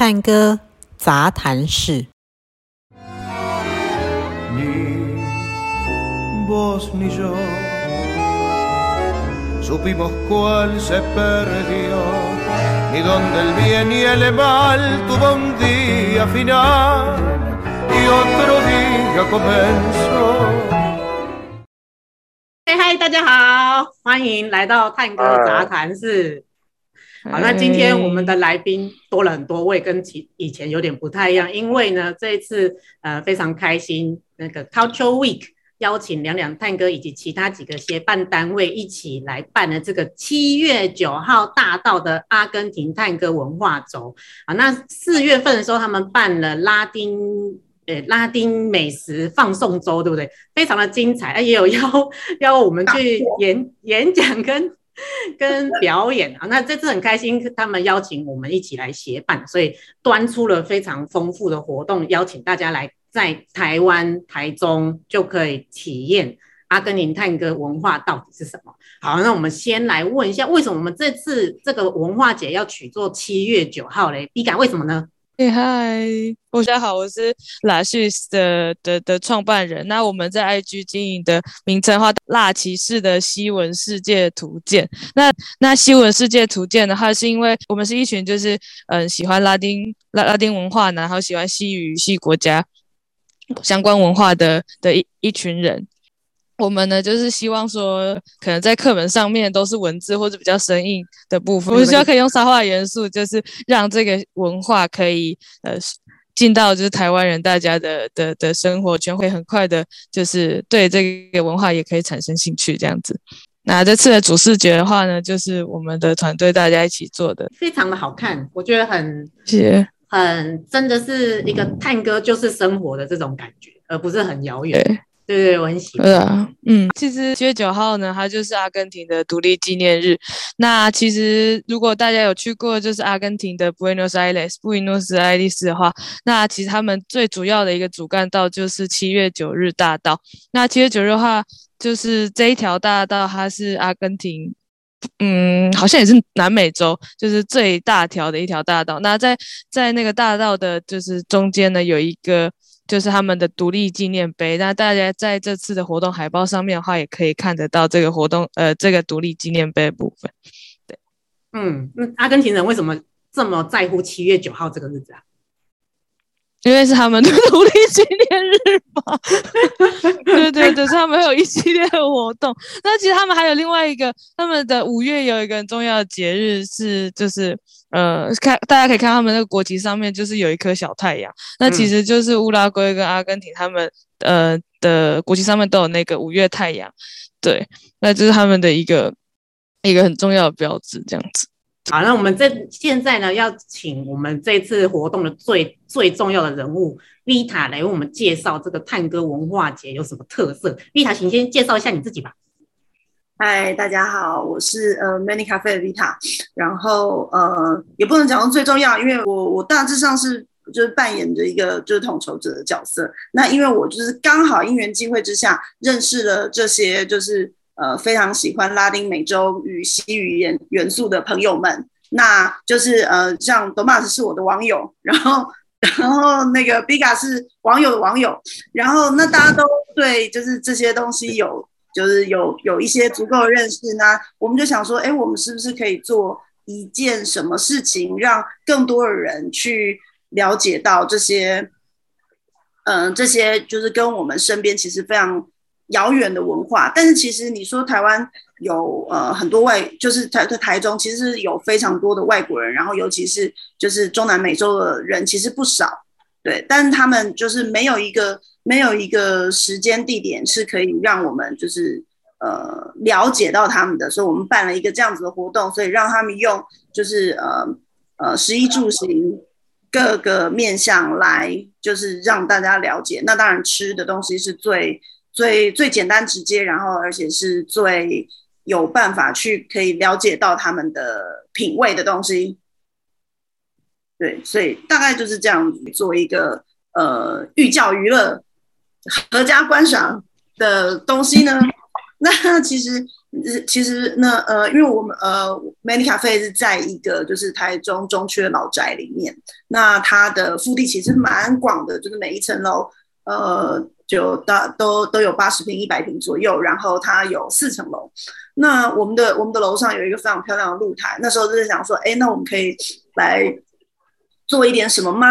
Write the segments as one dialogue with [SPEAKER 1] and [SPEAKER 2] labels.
[SPEAKER 1] 探戈
[SPEAKER 2] 雜談
[SPEAKER 3] 室。嗨，大家好，歡迎來到探戈雜談室。呃
[SPEAKER 4] 好，那今天我
[SPEAKER 3] 們的來賓多了很多位，跟其以前有點不太一樣，因為呢，這一次呃非常開心，那個 Culture Week 邀請兩兩探戈以及其他幾個協辦單位一起來辦了這個七月九號大道的阿根廷探戈文化周。好，那四月份的時候他們辦了拉丁呃、欸、拉丁美食放送周，對不對？非常的精彩，欸、也有邀邀我們去演演講跟。跟表演啊，那這次很開心，他們邀請我們一起來協辦，所以端出了非常豐富的活動，邀請大家來在台灣、台中就可以體驗阿根廷探戈文化到底是什麼。好，那我們先來問一下，為什麼我們這次這個文化節要取做七月九號嘞？Biga 為什麼呢？嗨、hey，大家好，我是
[SPEAKER 4] Lashees 的的的創辦人。那我們在 IG 經營的名稱的話，辣騎士的西文世界圖鑑。那那西文世界圖鑑的話，是因為我們是一群就是嗯喜歡拉丁拉拉丁文化，然後喜歡西語系國家相關文化的的一一群人。我們呢，就是希望說，可能在課本上面都是文字或者比較生硬的部分，我們需要可以用沙畫元素，就是讓這個文化可以呃進到就是台灣人大家的的的生活圈，會很快的，就是對這個文化也可以產生興趣。這樣子，那這次的主視覺的話呢，就是我們的團隊大家一起做的，
[SPEAKER 3] 非常的好看，我覺得很謝謝，很真的是一個探戈就是生活的這種感覺，而不是很遙遠。欸是，對，對，喜，呃，嗯，其實七月九號呢，它就是阿根廷的獨立
[SPEAKER 4] 紀念日。那其實如果大家有去過，就是阿根廷的 Buenos Aires，Buenos Aires 的話，那其實他們最主要的一個主幹道就是七月九日大道。那七月九日的話，就是這一條大道，它是阿根廷，嗯，好像也是南美洲，就是最大條的一條大道。那在在那個大道的，就是中間呢，有一個。就是他們的獨立紀念碑，那大家在這次的活動海報上面的話，也可以看得到這個活動，呃，這個獨立紀念碑部分。
[SPEAKER 3] 對，嗯，那，嗯，阿根廷人為什麼這麼在乎七月九號這個日子啊？
[SPEAKER 4] 因為是他們的獨立紀念日嘛， 對對對， 他們有一系列的活動。那其實他們還有另外一個，他們的五月有一個很重要的節日是，就是呃，看大家可以看他們那個國旗上面就是有一顆小太陽。嗯、那其實就是烏拉圭跟阿根廷他們呃的國旗上面都有那個五月太陽，對，那就是他們的一個一個很重要的標誌，這樣子。
[SPEAKER 3] 好，那我們這現在呢，要請我們這次活動的最最重要的人物 Vita 來為我們介紹這個探戈文化節有什麼特色。Vita，請先介紹一下你自己吧。
[SPEAKER 2] 嗨，大家好，我是呃、uh, Manni Cafe 的 Vita，然後呃也不能講到最重要，因為我我大致上是就是扮演着一個就是統籌者的角色。那因為我就是剛好因緣際會之下認識了這些就是。呃，非常喜歡拉丁美洲與西語言元素的朋友們，那就是呃，像 Tomás 是我的網友，然後然後那個 Biga 是網友的網友，然後那大家都對就是這些東西有就是有有一些足夠的認識呢，那我們就想說，哎，我們是不是可以做一件什麼事情，讓更多的人去了解到這些，嗯、呃，這些就是跟我們身邊其實非常。遙遠的文化，但是其實你說台灣有呃很多外，就是台台中其實有非常多的外國人，然後尤其是就是中南美洲的人其實不少，對，但是他們就是沒有一個沒有一個時間地點是可以讓我們就是呃了解到他們的，所以我們辦了一個這樣子的活動，所以讓他們用就是呃呃食衣住行各個面向來就是讓大家了解，那當然吃的東西是最。最最簡單直接，然後而且是最有辦法去可以了解到他們的品味的東西，對，所以大概就是這樣做一個呃寓教娛樂、合家觀賞的東西呢。那其實其實那呃，因為我們呃，Manni Cafe 是在一個就是台中中區的老宅裡面，那它的腹地其實蠻廣的，就是每一層樓呃。就大都都有八十坪、一百坪左右，然後它有四層樓。那我們的我們的樓上有一個非常漂亮的露台，那時候就在想說，哎，那我們可以來做一點什麼嗎？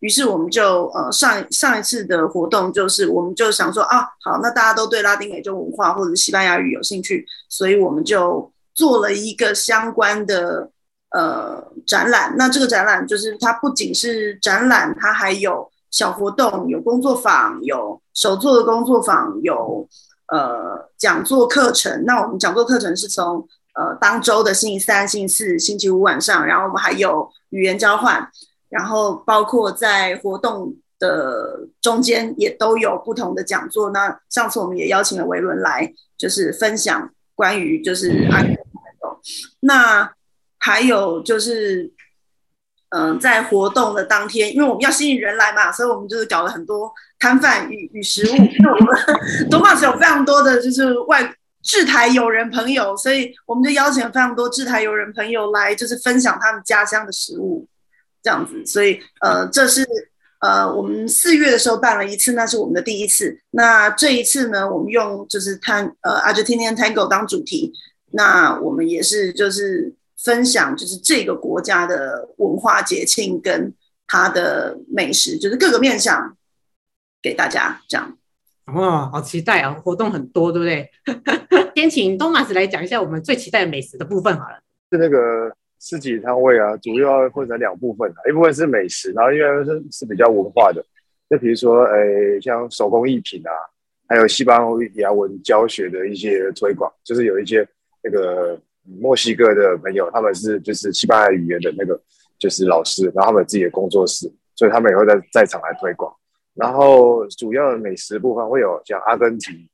[SPEAKER 2] 於是我們就呃上上一次的活動就是，我們就想說啊，好，那大家都對拉丁美洲文化或者西班牙語有興趣，所以我們就做了一個相關的呃展覽。那這個展覽就是它不僅是展覽，它還有。小活動有工作坊，有手作的工作坊，有呃講座課程。那我們講座課程是從呃當周的星期三、星期四、星期五晚上，然後我們還有語言交換，然後包括在活動的中間也都有不同的講座。那上次我們也邀請了維倫來，就是分享關於就是那還有就是。嗯、呃，在活動的當天，因為我們要吸引人來嘛，所以我們就是搞了很多攤販與與食物。因為我們東方是有非常多的就是外制台友人朋友，所以我們就邀請了非常多制台友人朋友來，就是分享他們家鄉的食物，這樣子。所以，呃，這是呃我們四月的時候辦了一次，那是我們的第一次。那這一次呢，我們用就是攤呃阿根廷 Tango 當主題，那我們也是就是。分享就是這個國家的文化節慶跟它的美食，就是各個面向給大家講。
[SPEAKER 3] 哇、哦，好期待啊、哦！活動很多，對不對？ 先請 Tomás 來講一下我們最期待美食的部分好
[SPEAKER 1] 了。是那個市集攤位啊，主要或者兩部分，啊、一部分是美食，然後一部分是是比較文化的。就比如說，哎、欸，像手工藝品啊，還有西班牙文教學的一些推廣，就是有一些那個。墨西哥的朋友，他們是就是西班牙語言的那個，就是老師，然後他們自己的工作室，所以他們也會在在場來推廣。然後主要的美食部分會有像阿根廷、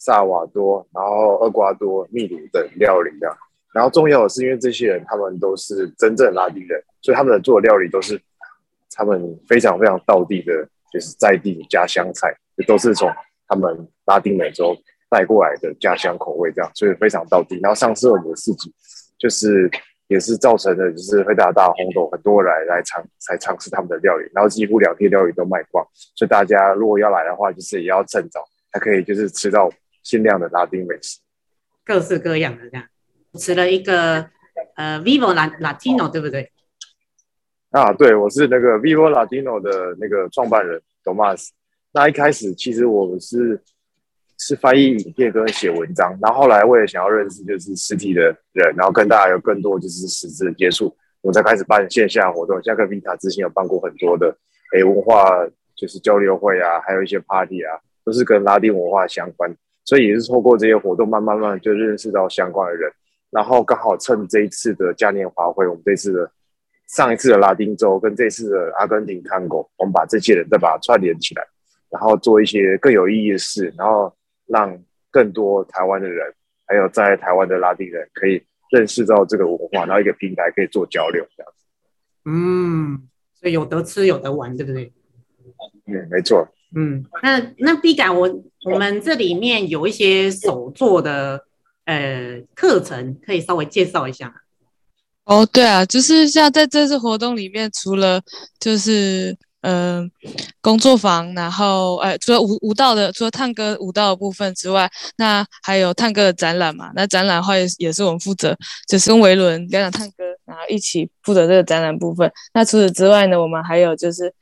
[SPEAKER 1] 薩瓦多、然後厄瓜多、秘魯等料理的。然後重要的是，因為這些人他們都是真正拉丁人，所以他們做的料理都是他們非常非常道地的，就是在地家鄉菜，都是從他們拉丁美洲。帶過來的家鄉口味，這樣所以非常道地。然後上次我們自己就是也是造成的，就是非常大轟動，很多人來來嘗，才嘗試他們的料理，然後幾乎兩天料理都賣光。所以大家如果要來的話，就是也要趁早，還可以就是吃到限量的拉丁美食，各式各
[SPEAKER 3] 樣的這樣。我吃了一個呃，Viva Latino，哦，對
[SPEAKER 1] 不對？啊，對，我是那個 Viva Latino 的那個創辦人 Tomás，那一開始其實我是。是翻譯影片、跟寫文章，然後後來為了想要認識就是實體的人，然後跟大家有更多就是實質的接觸，我才開始辦線下的活動。像跟 Vita 之前有辦過很多的誒文化就是交流會啊，還有一些 party 啊，都是跟拉丁文化相關，所以也是透過這些活動，慢慢慢就認識到相關的人。然後剛好趁這一次的嘉年華會，我們這次的上一次的拉丁週跟這次的阿根廷探戈，我們把這些人再把它串聯起來，然後做一些更有意義的事，然後。讓更多台灣的人，還有在台灣的拉丁人，可以認識到這個文化，然後一個平台可以做交流，這樣子。嗯，
[SPEAKER 3] 所以有得吃有得玩，對不對？
[SPEAKER 1] 嗯，沒錯。嗯，
[SPEAKER 3] 那那 Biga 我我們這裡面有一些手作的呃課程，可以稍微介紹一下？
[SPEAKER 4] 哦，對啊，就是像在這次活動裡面，除了就是。嗯、呃，工作坊，然後，呃除了舞舞蹈的，除了探戈舞蹈的部分之外，那還有探戈的展覽嘛？那展覽的話也是我們負責，就是跟維倫兩兩探戈然後一起負責這個展覽部分。那除此之外呢，我們還有就是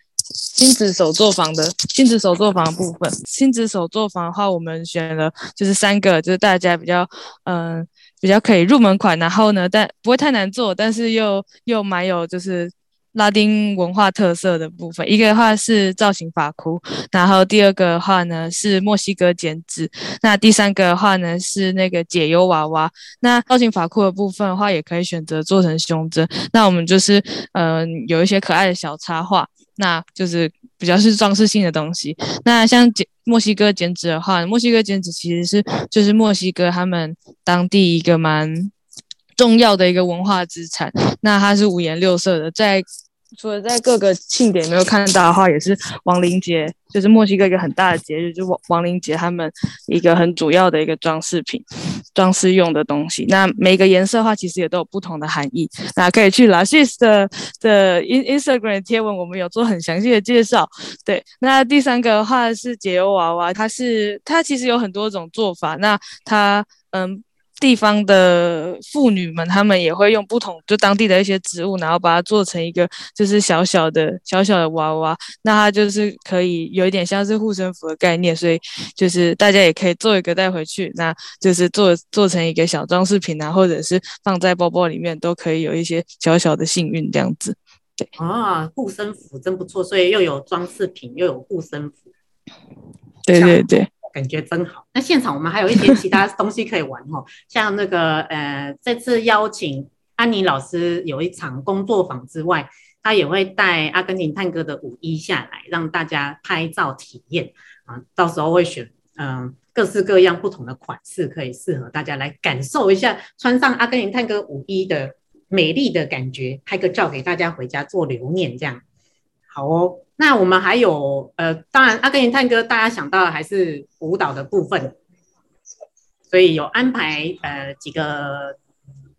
[SPEAKER 4] 親子手作坊的親子手作坊部分。親子手作坊的話，我們選了就是三個，就是大家比較，嗯、呃，比較可以入門款，然後呢，但不會太難做，但是又又蠻有就是。拉丁文化特色的部分，一個的話是造型髮箍，然後第二個的話呢是墨西哥剪紙，那第三個的話呢是那個解憂娃娃。那造型髮箍的部分的話，也可以選擇做成胸針。那我們就是，嗯、呃，有一些可愛的小插畫，那就是比較是裝飾性的東西。那像剪墨西哥剪紙的話，墨西哥剪紙其實是就是墨西哥他們當地一個蠻。重要的一個文化資產，那它是五顏六色的，在除了在各個慶典沒有看到的話，也是亡靈節，就是墨西哥一個很大的節日，就是亡靈節他們一個很主要的一個裝飾品，裝飾用的東西。那每個顏色的話，其實也都有不同的含義。那可以去 Lashees 的的 In Instagram 的貼文，我們有做很詳細的介紹。對，那第三個的話是解憂娃娃，它是它其實有很多種做法，那它嗯。地方的婦女們，她們也會用不同就當地的一些植物，然後把它做成一個就是小小的小小的娃娃，那它就是可以有一點像是護身符的概念，所以就是大家也可以做一個帶回去，那就是做做成一個小裝飾品啊，或者是放在包包裡面，都可以有一些小小的幸運這樣子。對啊，護身符
[SPEAKER 3] 真不錯，所以又有裝
[SPEAKER 4] 飾品又有護身符。好像。對對對。
[SPEAKER 3] 感覺真好。 那現場我們還有一些其他東西可以玩哦，像那個呃，這次邀請安妮老師有一場工作坊之外，她也會帶阿根廷探戈的舞衣下來，讓大家拍照體驗啊。到時候會選嗯、呃，各式各樣不同的款式，可以適合大家來感受一下，穿上阿根廷探戈舞衣的美麗的感覺，拍個照給大家回家做留念，這樣好哦。那我們還有，呃，當然阿根廷探戈，大家想到的還是舞蹈的部分，所以有安排呃幾個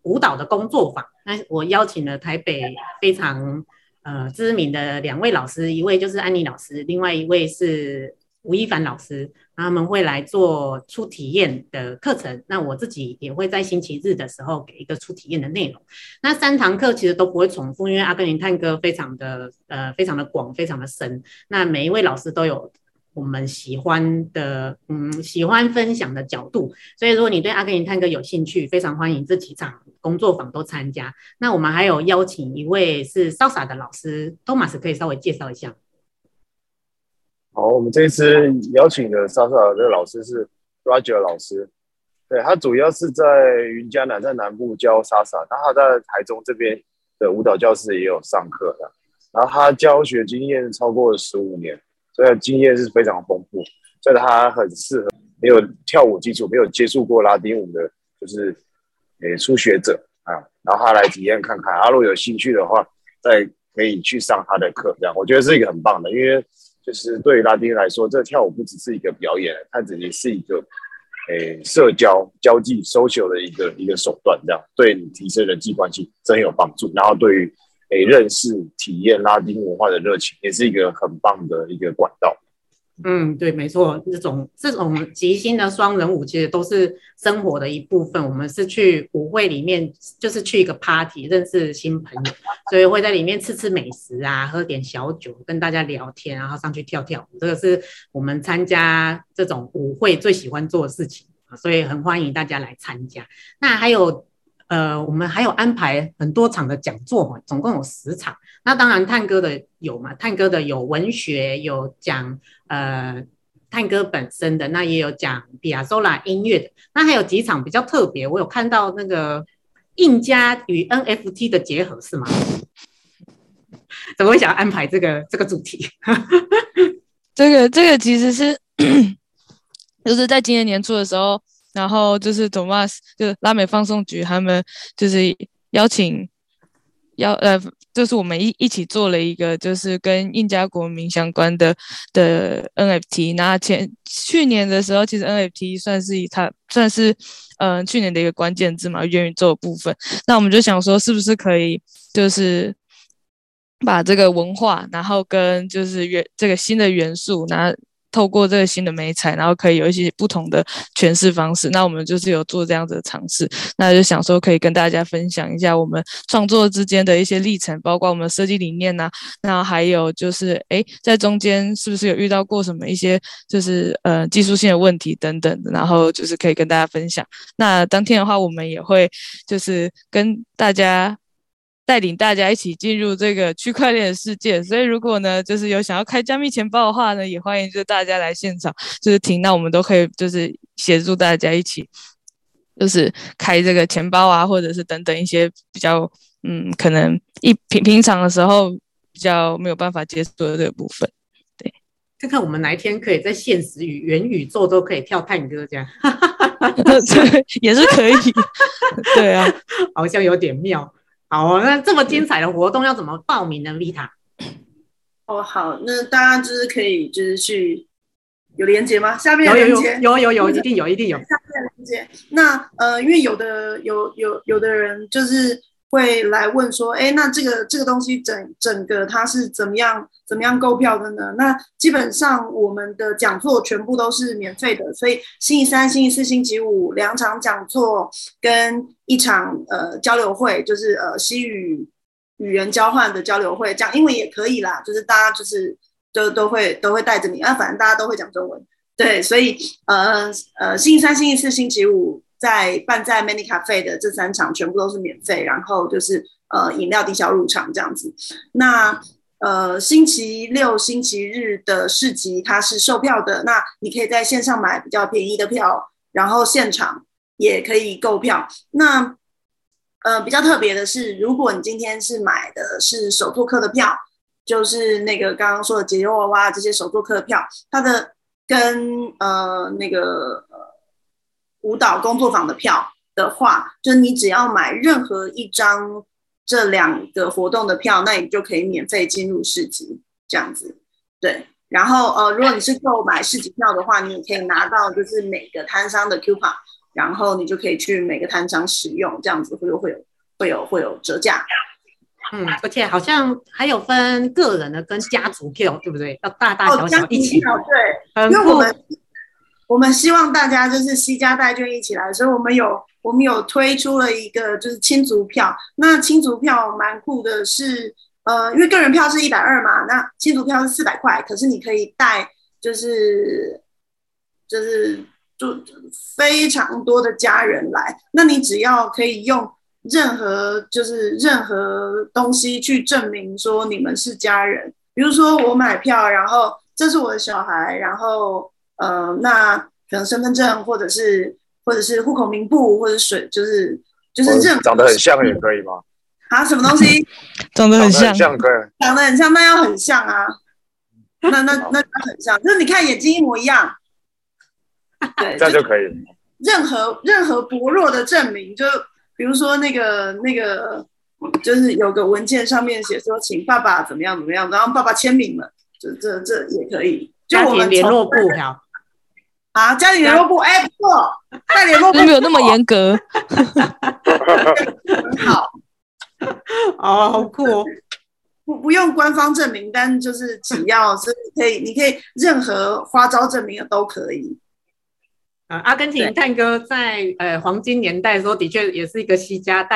[SPEAKER 3] 舞蹈的工作坊。那我邀請了台北非常呃知名的兩位老師，一位就是安妮老師，另外一位是。吳亦凡老師，他們會來做初體驗的課程。那我自己也會在星期日的時候給一個初體驗的內容。那三堂課其實都不會重複，因為阿根廷探戈非常的呃非常的廣，非常的深。那每一位老師都有我們喜歡的，嗯，喜歡分享的角度。所以如果你對阿根廷探戈有興趣，非常歡迎這幾場工作坊都參加。那我們還有邀請一位是騷莎的老師，托馬斯可以稍微介紹一下。
[SPEAKER 1] 好，我們這次邀請的莎莎的老師是 Roger 老師，對，他主要是在雲嘉南，在南部教莎莎，然後他在台中這邊的舞蹈教室也有上課的，然後他教學經驗超過十五年，所以他經驗是非常豐富，所以他很適合沒有跳舞基礎、沒有接觸過拉丁舞的，就是誒、欸、初學者啊，然後他來體驗看看，阿、啊、如果有興趣的話，再可以去上他的課這樣，我覺得是一個很棒的，因為。就是對於拉丁來說，這跳舞不只是一個表演，它只是是一個，誒、欸、社交交際 social 的一個一個手段，這樣對你提升人際關係真有幫助。然後對於誒、欸、認識體驗拉丁文化的熱情，也是一個很棒的一個管道。
[SPEAKER 3] 嗯，對，沒錯，這種這種即興的雙人舞其實都是生活的一部分。我們是去舞會裡面，就是去一個 party 認識新朋友，所以會在裡面吃吃美食啊，喝點小酒，跟大家聊天，然後上去跳跳舞。這個是我們參加這種舞會最喜歡做的事情，所以很歡迎大家來參加。那還有。呃，我們還有安排很多場的講座嘛，總共有十場。那當然，探戈的有嘛，探戈的有文學，有講呃探戈本身的，那也有講皮亞佐拉音樂的。那還有幾場比較特別，我有看到那個印加與 NFT 的結合是嗎？怎麼會想要安排這個這個主題？
[SPEAKER 4] 這個這個其實是 就是在今年年初的時候。然後就是 Tomás 就是拉美放送局，他們就是邀請邀呃，就是我們一一起做了一個，就是跟印加國民相關的的 NFT。那前去年的時候，其實 NFT 算是它算是呃去年的一個關鍵字嘛，元宇宙的部分。那我們就想說，是不是可以就是把這個文化，然後跟就是元這個新的元素然後透過這個新的媒材，然後可以有一些不同的詮釋方式。那我們就是有做這樣子的嘗試，那就想說可以跟大家分享一下我們創作之間的一些歷程，包括我們設計理念吶、啊，那還有就是，哎，在中間是不是有遇到過什麼一些就是呃技術性的問題等等的，然後就是可以跟大家分享。那當天的話，我們也會就是跟大家。帶領大家一起進入這個區塊鏈的世界，所以如果呢，就是有想要開加密錢包的話呢，也歡迎就大家來現場，就是聽到我們都可以就是協助大家一起，就是開這個錢包啊，或者是等等一些比較嗯，可能一平平常的時候比較沒有辦法接觸的這個部分，對，
[SPEAKER 3] 看看我們哪一天可以在現實與元宇宙都可以跳探戈這樣，對 也是可以， 對啊，好像有點妙。好、哦，那這麼精彩的活動要怎麼報名呢？Vita？
[SPEAKER 2] 哦，好，那大家就是可以，就是去有連接嗎？下面連接有有有，一定有，一定有下面連接。那呃，因為有的有有有的人就是。會來問說，哎，那這個這個東西整整個它是怎麼樣怎麼樣購票的呢？那基本上我們的講座全部都是免費的，所以星期三、星期四、星期五兩場講座跟一場呃交流會，就是呃西語語言交換的交流會，這樣英文也可以啦，就是大家就是都都會都會帶着你，那、啊、反正大家都會講中文，對，所以呃呃星期三、星期四、星期五，在辦在 Manni Cafe 的這三場全部都是免費，然後就是呃飲料抵消入場這樣子。那呃星期六、星期日的市集它是售票的，那你可以在線上買比較便宜的票，然後現場也可以購票。那呃比較特別的是，如果你今天是買的是手作課的票，就是那個剛剛說的解憂娃娃這些手作課的票，它的跟呃那個。舞蹈工作坊的票的話，就是你只要買任何一張這兩個活動的票，那你就可以免費進入市集這樣子。對，然後呃，如果你是購買市集票的話，你也可以拿到就是每個攤商的 Q 卡，然後你就可以去每個攤商使用這樣子會，會有會
[SPEAKER 3] 有會有會有折價。嗯，而且好像還有分個人的跟家族票，對不對？要大大小小一起、哦、對，酷因為我們。我
[SPEAKER 2] 們希望大家就是攜家帶眷一起來，所以我們有我們有推出了一個就是親族票。那親族票蠻酷的是，呃，因為個人票是一百二嘛，那親族票是四百塊，可是你可以帶就是就是就非常多的家人來。那你只要可以用任何就是任何東西去證明說你們是家人，比如說我買票，然後這是我的小孩，然後。呃，那可能身份證或，或者是或者是戶口名簿，或者是水，就是就是證，長得很
[SPEAKER 1] 像也可以嗎？
[SPEAKER 2] 啊，什麼東西？
[SPEAKER 1] 長得很像，長得很像，
[SPEAKER 2] 長得很像，那以要很像啊！那那那，那很像，就是 你看眼睛一模一樣，對，
[SPEAKER 1] 這 就可以。任
[SPEAKER 2] 何任何薄弱的證明，就比如說那個那個，就是有個文件上面寫說請爸爸怎麼樣怎麼樣，然後爸
[SPEAKER 4] 爸簽名了，
[SPEAKER 2] 這這這也可以。就我們聯絡簿。啊，家庭聯絡簿，哎、欸，不錯，
[SPEAKER 4] 帶聯絡都不 沒有那麼嚴格，
[SPEAKER 2] 好，哦， 好酷，哦，不不用官方證明，但就是只要是可以，你可以任何花招證明的都可以。
[SPEAKER 3] 啊，阿根廷對探戈在呃黃金年代的時候，的確也是一個席捲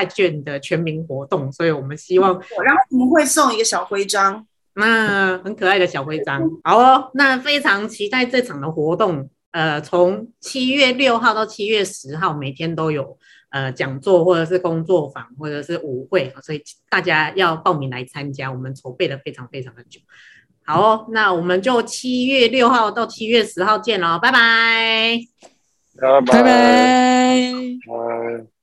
[SPEAKER 3] 的全民活動，所以我們希望，
[SPEAKER 2] 嗯、然後我們會送一個小徽章，
[SPEAKER 3] 那很可愛的小徽章，好哦，那非常期待這場的活動。呃，從七月六號到七月十號，每天都有呃講座，或者是工作坊，或者是舞會，所以大家要報名來參加。我們籌備了非常非常的久，好哦，那我們就七月六號到七月十號見嘍，拜拜，拜拜，
[SPEAKER 1] 拜拜。拜拜。